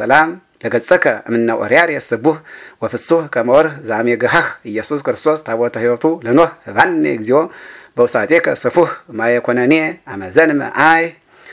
ሰላም ለገጸከ እምነ ኦርያር የስቡህ ወፍሱህ ከመወርህ ግሃህ ኢየሱስ ክርስቶስ ታቦተ ሕይወቱ ለኖህ ህባኔ እግዚኦ በውሳጤከ ስፉህ ማየኮነኔ አመዘን መአይ